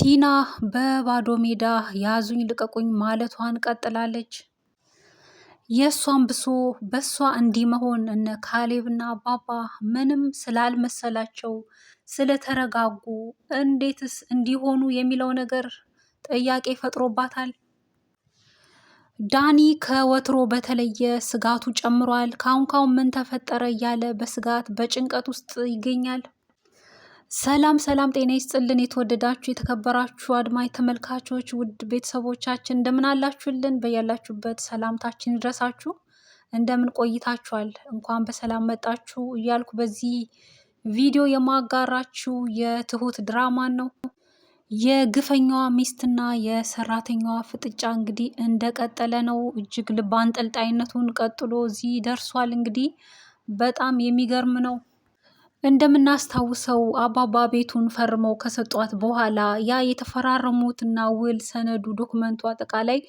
ቲና በባዶ ሜዳ ያዙኝ ልቀቁኝ ማለቷን ቀጥላለች። የእሷን ብሶ በእሷ እንዲህ መሆን እነ ካሌብና አባባ ምንም ስላልመሰላቸው ስለተረጋጉ እንዴትስ እንዲሆኑ የሚለው ነገር ጥያቄ ፈጥሮባታል። ዳኒ ከወትሮ በተለየ ስጋቱ ጨምሯል። ካሁን ካሁን ምን ተፈጠረ እያለ በስጋት በጭንቀት ውስጥ ይገኛል። ሰላም ሰላም፣ ጤና ይስጥልን የተወደዳችሁ የተከበራችሁ አድማጭ ተመልካቾች ውድ ቤተሰቦቻችን እንደምን አላችሁልን? በያላችሁበት ሰላምታችን ይድረሳችሁ። እንደምን ቆይታችኋል? እንኳን በሰላም መጣችሁ እያልኩ በዚህ ቪዲዮ የማጋራችሁ የትሁት ድራማን ነው። የግፈኛዋ ሚስትና የሰራተኛዋ ፍጥጫ እንግዲህ እንደቀጠለ ነው። እጅግ ልብ አንጠልጣይነቱን ቀጥሎ እዚህ ደርሷል። እንግዲህ በጣም የሚገርም ነው። እንደምናስታውሰው አባባ ቤቱን ፈርመው ከሰጧት በኋላ ያ የተፈራረሙትና ውል ሰነዱ፣ ዶክመንቱ አጠቃላይ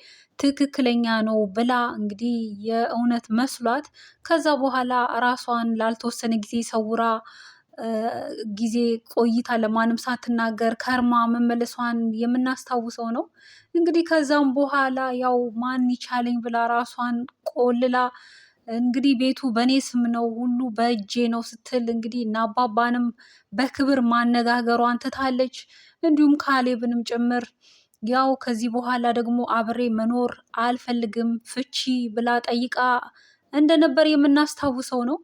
ትክክለኛ ነው ብላ እንግዲህ የእውነት መስሏት ከዛ በኋላ ራሷን ላልተወሰነ ጊዜ ሰውራ ጊዜ ቆይታ ለማንም ሳትናገር ከርማ መመለሷን የምናስታውሰው ነው። እንግዲህ ከዛም በኋላ ያው ማን ይቻለኝ ብላ ራሷን ቆልላ እንግዲህ ቤቱ በእኔ ስም ነው ሁሉ በእጄ ነው ስትል እንግዲህ እና አባባንም በክብር ማነጋገሯን ትታለች። እንዲሁም ካሌብንም ጭምር ያው ከዚህ በኋላ ደግሞ አብሬ መኖር አልፈልግም ፍቺ ብላ ጠይቃ እንደነበር የምናስታውሰው ነው።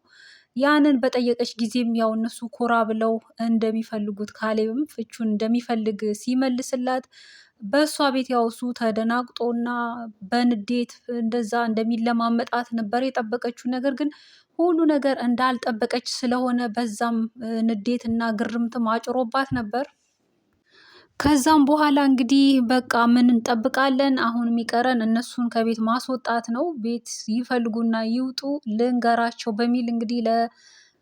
ያንን በጠየቀች ጊዜም ያው እነሱ ኮራ ብለው እንደሚፈልጉት ካሌብም ፍቹን እንደሚፈልግ ሲመልስላት በእሷ ቤት ያው እሱ ተደናግጦና በንዴት እንደዛ እንደሚለማመጣት ነበር የጠበቀችው። ነገር ግን ሁሉ ነገር እንዳልጠበቀች ስለሆነ በዛም ንዴትና ግርምትም አጭሮባት ነበር። ከዛም በኋላ እንግዲህ በቃ ምን እንጠብቃለን? አሁን የሚቀረን እነሱን ከቤት ማስወጣት ነው። ቤት ይፈልጉና ይውጡ ልንገራቸው በሚል እንግዲህ ለ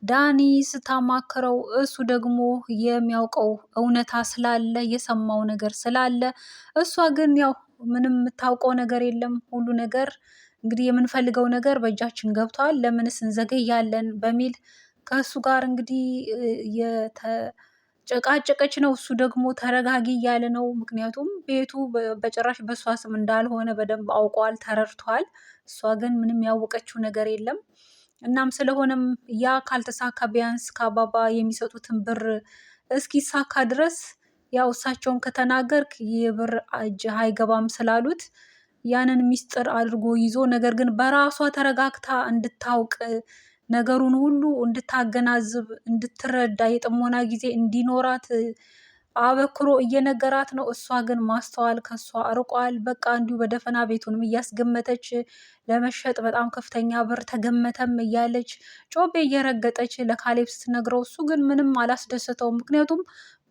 ዳኒ ስታማክረው እሱ ደግሞ የሚያውቀው እውነታ ስላለ የሰማው ነገር ስላለ እሷ ግን ያው ምንም የምታውቀው ነገር የለም። ሁሉ ነገር እንግዲህ የምንፈልገው ነገር በእጃችን ገብቷል፣ ለምንስ እንዘገያለን በሚል ከእሱ ጋር እንግዲህ የተጨቃጨቀች ነው። እሱ ደግሞ ተረጋጊ እያለ ነው። ምክንያቱም ቤቱ በጭራሽ በእሷ ስም እንዳልሆነ በደንብ አውቋል፣ ተረድቷል። እሷ ግን ምንም ያወቀችው ነገር የለም። እናም ስለሆነም ያ ካልተሳካ ቢያንስ ከአባባ የሚሰጡትን ብር እስኪሳካ ድረስ ያው እሳቸውን ከተናገርክ ይህ ብር እጅህ አይገባም ስላሉት ያንን ሚስጥር አድርጎ ይዞ ነገር ግን በራሷ ተረጋግታ እንድታውቅ ነገሩን ሁሉ እንድታገናዝብ፣ እንድትረዳ የጥሞና ጊዜ እንዲኖራት አበክሮ እየነገራት ነው። እሷ ግን ማስተዋል ከሷ አርቋል። በቃ እንዲሁ በደፈና ቤቱንም እያስገመተች ለመሸጥ በጣም ከፍተኛ ብር ተገመተም እያለች ጮቤ እየረገጠች ለካሌብ ስትነግረው እሱ ግን ምንም አላስደሰተውም። ምክንያቱም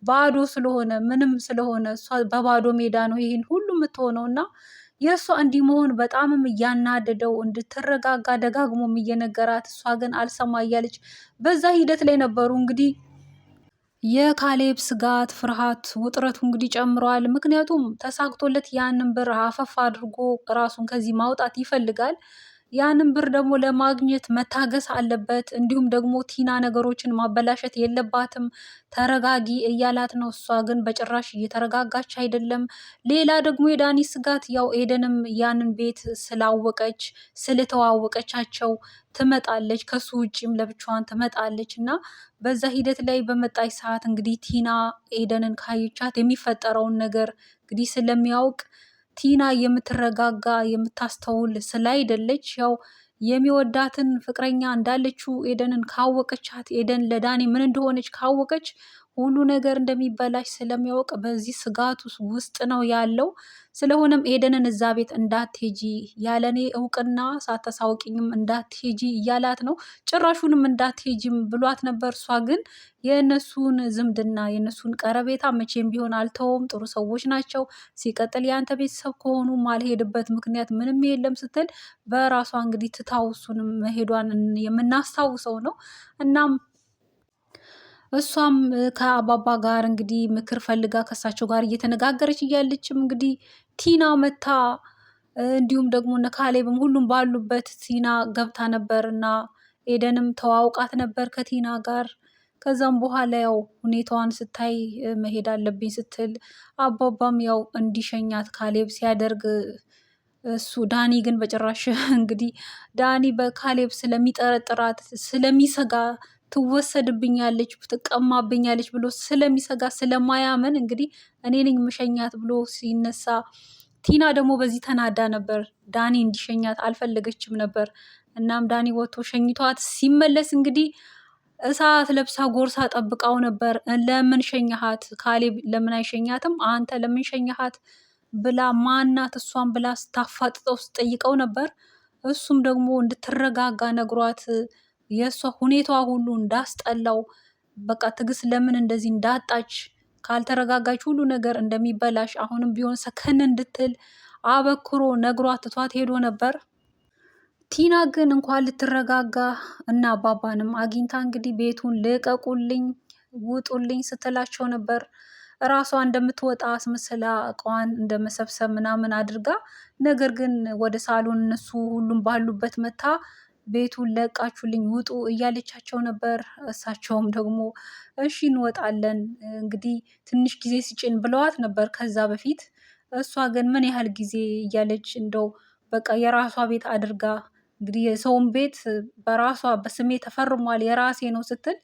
ባዶ ስለሆነ ምንም ስለሆነ እሷ በባዶ ሜዳ ነው ይህን ሁሉ የምትሆነው እና የእሷ እንዲህ መሆን በጣምም እያናደደው እንድትረጋጋ ደጋግሞም እየነገራት እሷ ግን አልሰማ እያለች በዛ ሂደት ላይ ነበሩ እንግዲህ የካሌብ ስጋት፣ ፍርሃት፣ ውጥረቱ እንግዲህ ጨምሯል። ምክንያቱም ተሳክቶለት ያንን ብር አፈፍ አድርጎ ራሱን ከዚህ ማውጣት ይፈልጋል። ያንን ብር ደግሞ ለማግኘት መታገስ አለበት። እንዲሁም ደግሞ ቲና ነገሮችን ማበላሸት የለባትም ተረጋጊ እያላት ነው። እሷ ግን በጭራሽ እየተረጋጋች አይደለም። ሌላ ደግሞ የዳኒ ስጋት ያው ኤደንም ያንን ቤት ስላወቀች ስለተዋወቀቻቸው ትመጣለች፣ ከሱ ውጭም ለብቻዋን ትመጣለች እና በዛ ሂደት ላይ በመጣች ሰዓት እንግዲህ ቲና ኤደንን ካየቻት የሚፈጠረውን ነገር እንግዲህ ስለሚያውቅ ቲና የምትረጋጋ የምታስተውል ስላይደለች ያው የሚወዳትን ፍቅረኛ እንዳለችው ኤደንን ካወቀቻት ኤደን ለዳኒ ምን እንደሆነች ካወቀች ሁሉ ነገር እንደሚበላሽ ስለሚያውቅ በዚህ ስጋት ውስጥ ነው ያለው። ስለሆነም ኤደንን እዛ ቤት እንዳትሄጂ ያለኔ እውቅና ሳታሳውቂኝም እንዳትሄጂ እያላት ነው። ጭራሹንም እንዳትሄጂም ብሏት ነበር። እሷ ግን የእነሱን ዝምድና የእነሱን ቀረቤታ መቼም ቢሆን አልተውም፣ ጥሩ ሰዎች ናቸው፣ ሲቀጥል ያንተ ቤተሰብ ከሆኑ ማልሄድበት ምክንያት ምንም የለም ስትል በራሷ እንግዲህ ትታውሱን መሄዷን የምናስታውሰው ነው እናም እሷም ከአባባ ጋር እንግዲህ ምክር ፈልጋ ከሳቸው ጋር እየተነጋገረች እያለችም እንግዲህ ቲና መታ እንዲሁም ደግሞ እነ ካሌብም ሁሉም ባሉበት ቲና ገብታ ነበር እና ኤደንም ተዋውቃት ነበር ከቲና ጋር። ከዛም በኋላ ያው ሁኔታዋን ስታይ መሄድ አለብኝ ስትል አባባም ያው እንዲሸኛት ካሌብ ሲያደርግ እሱ ዳኒ ግን በጭራሽ እንግዲህ ዳኒ በካሌብ ስለሚጠረጥራት ስለሚሰጋ ትወሰድብኛለች፣ ትቀማብኛለች ብሎ ስለሚሰጋ ስለማያምን እንግዲህ እኔ ነኝ ብሎ ሲነሳ ቲና ደግሞ በዚህ ተናዳ ነበር። ዳኒ እንዲሸኛት አልፈለገችም ነበር። እናም ዳኒ ወጥቶ ሸኝቷት ሲመለስ እንግዲህ እሳት ለብሳ ጎርሳ ጠብቃው ነበር። ለምን ሸኛሃት? ካሌብ ለምን አይሸኛትም? አንተ ለምን ሸኛሃት ብላ ማናት እሷን ብላ ስታፋጥጠው ስጠይቀው ነበር። እሱም ደግሞ እንድትረጋጋ ነግሯት የእሷ ሁኔታዋ ሁሉ እንዳስጠላው በቃ ትዕግስት ለምን እንደዚህ እንዳጣች ካልተረጋጋች ሁሉ ነገር እንደሚበላሽ አሁንም ቢሆን ሰከን እንድትል አበክሮ ነግሯ ትቷት ሄዶ ነበር። ቲና ግን እንኳን ልትረጋጋ እና አባባንም አግኝታ እንግዲህ ቤቱን ልቀቁልኝ፣ ውጡልኝ ስትላቸው ነበር። እራሷ እንደምትወጣ አስመስላ እቃዋን እንደመሰብሰብ ምናምን አድርጋ ነገር ግን ወደ ሳሎን እነሱ ሁሉም ባሉበት መታ ቤቱን ለቃችሁልኝ ውጡ እያለቻቸው ነበር። እሳቸውም ደግሞ እሺ እንወጣለን እንግዲህ ትንሽ ጊዜ ስጭን ብለዋት ነበር ከዛ በፊት። እሷ ግን ምን ያህል ጊዜ እያለች እንደው በቃ የራሷ ቤት አድርጋ እንግዲህ የሰውን ቤት በራሷ በስሜ ተፈርሟል የራሴ ነው ስትል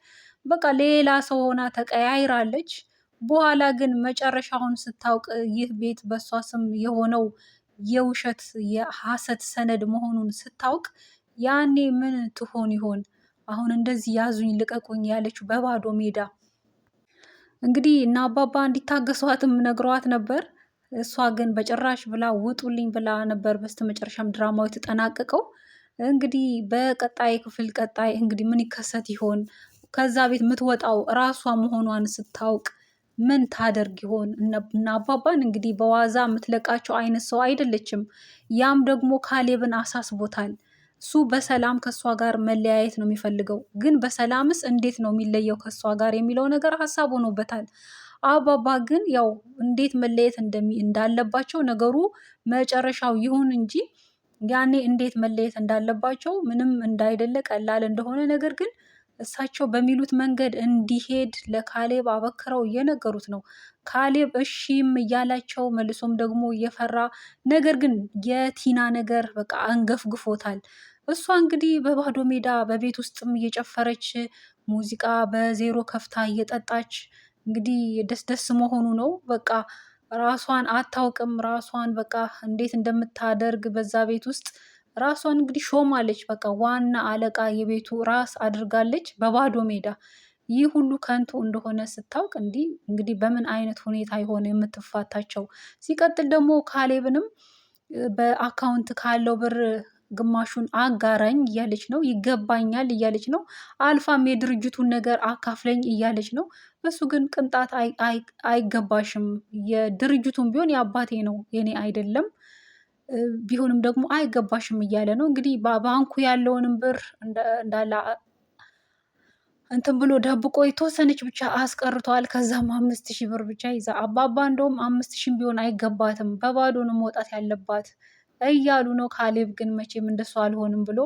በቃ ሌላ ሰው ሆና ተቀያይራለች። በኋላ ግን መጨረሻውን ስታውቅ ይህ ቤት በእሷ ስም የሆነው የውሸት የሐሰት ሰነድ መሆኑን ስታውቅ ያኔ ምን ትሆን ይሆን? አሁን እንደዚህ ያዙኝ ልቀቁኝ ያለችው በባዶ ሜዳ። እንግዲህ እና አባባ እንዲታገሷትም ነግረዋት ነበር። እሷ ግን በጭራሽ ብላ ውጡልኝ ብላ ነበር። በስተመጨረሻም ድራማው የተጠናቀቀው። እንግዲህ በቀጣይ ክፍል ቀጣይ እንግዲህ ምን ይከሰት ይሆን? ከዛ ቤት የምትወጣው ራሷ መሆኗን ስታውቅ ምን ታደርግ ይሆን? እና አባባን እንግዲህ በዋዛ የምትለቃቸው አይነት ሰው አይደለችም። ያም ደግሞ ካሌብን አሳስቦታል። እሱ በሰላም ከእሷ ጋር መለያየት ነው የሚፈልገው። ግን በሰላምስ እንዴት ነው የሚለየው ከእሷ ጋር የሚለው ነገር ሀሳብ ሆኖበታል። አባባ ግን ያው እንዴት መለየት እንዳለባቸው ነገሩ መጨረሻው ይሁን እንጂ ያኔ እንዴት መለየት እንዳለባቸው ምንም እንዳይደለ ቀላል እንደሆነ ነገር ግን እሳቸው በሚሉት መንገድ እንዲሄድ ለካሌብ አበክረው እየነገሩት ነው። ካሌብ እሺም እያላቸው መልሶም ደግሞ እየፈራ ነገር ግን የቲና ነገር በቃ አንገፍግፎታል። እሷ እንግዲህ በባዶ ሜዳ በቤት ውስጥም እየጨፈረች ሙዚቃ በዜሮ ከፍታ እየጠጣች እንግዲህ ደስ ደስ መሆኑ ነው። በቃ ራሷን አታውቅም። ራሷን በቃ እንዴት እንደምታደርግ በዛ ቤት ውስጥ ራሷን እንግዲህ ሾማለች። በቃ ዋና አለቃ የቤቱ ራስ አድርጋለች በባዶ ሜዳ። ይህ ሁሉ ከንቱ እንደሆነ ስታውቅ እንዲህ እንግዲህ በምን አይነት ሁኔታ የሆነ የምትፋታቸው። ሲቀጥል ደግሞ ካሌብንም በአካውንት ካለው ብር ግማሹን አጋራኝ እያለች ነው፣ ይገባኛል እያለች ነው። አልፋም የድርጅቱን ነገር አካፍለኝ እያለች ነው። እሱ ግን ቅንጣት አይገባሽም፣ የድርጅቱን ቢሆን የአባቴ ነው የኔ አይደለም፣ ቢሆንም ደግሞ አይገባሽም እያለ ነው። እንግዲህ ባንኩ ያለውንም ብር እንዳለ እንትን ብሎ ደብቆ የተወሰነች ብቻ አስቀርተዋል። ከዛም አምስት ሺህ ብር ብቻ ይዛ አባባ እንደውም አምስት ሺህ ቢሆን አይገባትም፣ በባዶ ነው መውጣት ያለባት እያሉ ነው። ካሌብ ግን መቼም እንደሱ አልሆንም ብሎ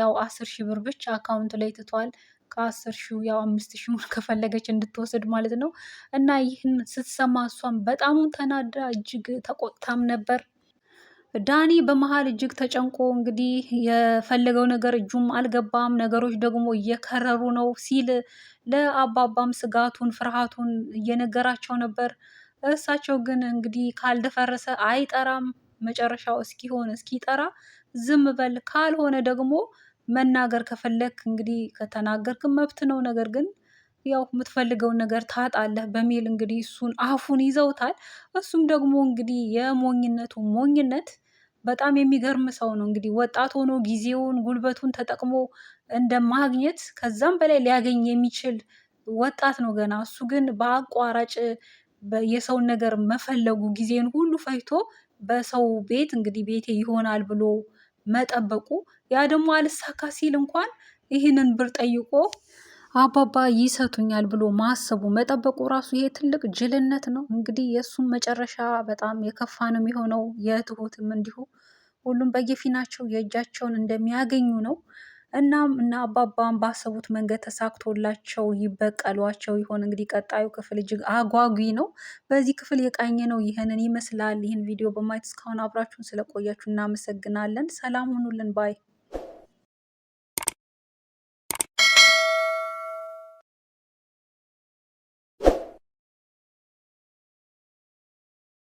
ያው አስር ሺህ ብር ብቻ አካውንት ላይ ትቷል። ከአስር ሺው ያው አምስት ሺውን ከፈለገች እንድትወስድ ማለት ነው። እና ይህን ስትሰማ እሷም በጣም ተናዳ እጅግ ተቆጣም ነበር። ዳኒ በመሀል እጅግ ተጨንቆ እንግዲህ የፈለገው ነገር እጁም አልገባም፣ ነገሮች ደግሞ እየከረሩ ነው ሲል ለአባባም ስጋቱን ፍርሃቱን እየነገራቸው ነበር። እሳቸው ግን እንግዲህ ካልደፈረሰ አይጠራም መጨረሻው እስኪሆን እስኪጠራ ዝም በል። ካልሆነ ደግሞ መናገር ከፈለክ እንግዲህ ከተናገርክ መብት ነው። ነገር ግን ያው የምትፈልገውን ነገር ታጣለህ በሚል እንግዲህ እሱን አፉን ይዘውታል። እሱም ደግሞ እንግዲህ የሞኝነቱ ሞኝነት በጣም የሚገርም ሰው ነው። እንግዲህ ወጣት ሆኖ ጊዜውን ጉልበቱን ተጠቅሞ እንደ ማግኘት ከዛም በላይ ሊያገኝ የሚችል ወጣት ነው ገና። እሱ ግን በአቋራጭ የሰውን ነገር መፈለጉ ጊዜን ሁሉ ፈጅቶ በሰው ቤት እንግዲህ ቤቴ ይሆናል ብሎ መጠበቁ ያ ደግሞ አልሳካ ሲል እንኳን ይህንን ብር ጠይቆ አባባ ይሰቱኛል ብሎ ማሰቡ መጠበቁ ራሱ ይሄ ትልቅ ጅልነት ነው። እንግዲህ የእሱም መጨረሻ በጣም የከፋ ነው የሚሆነው። የትሁትም እንዲሁ ሁሉም በየፊናቸው የእጃቸውን እንደሚያገኙ ነው እናም እና አባባም ባሰቡት መንገድ ተሳክቶላቸው ይበቀሏቸው ይሆን? እንግዲህ ቀጣዩ ክፍል እጅግ አጓጊ ነው። በዚህ ክፍል የቃኘ ነው ይህንን ይመስላል። ይህን ቪዲዮ በማየት እስካሁን አብራችሁን ስለቆያችሁ እናመሰግናለን። ሰላም ሁኑልን ባይ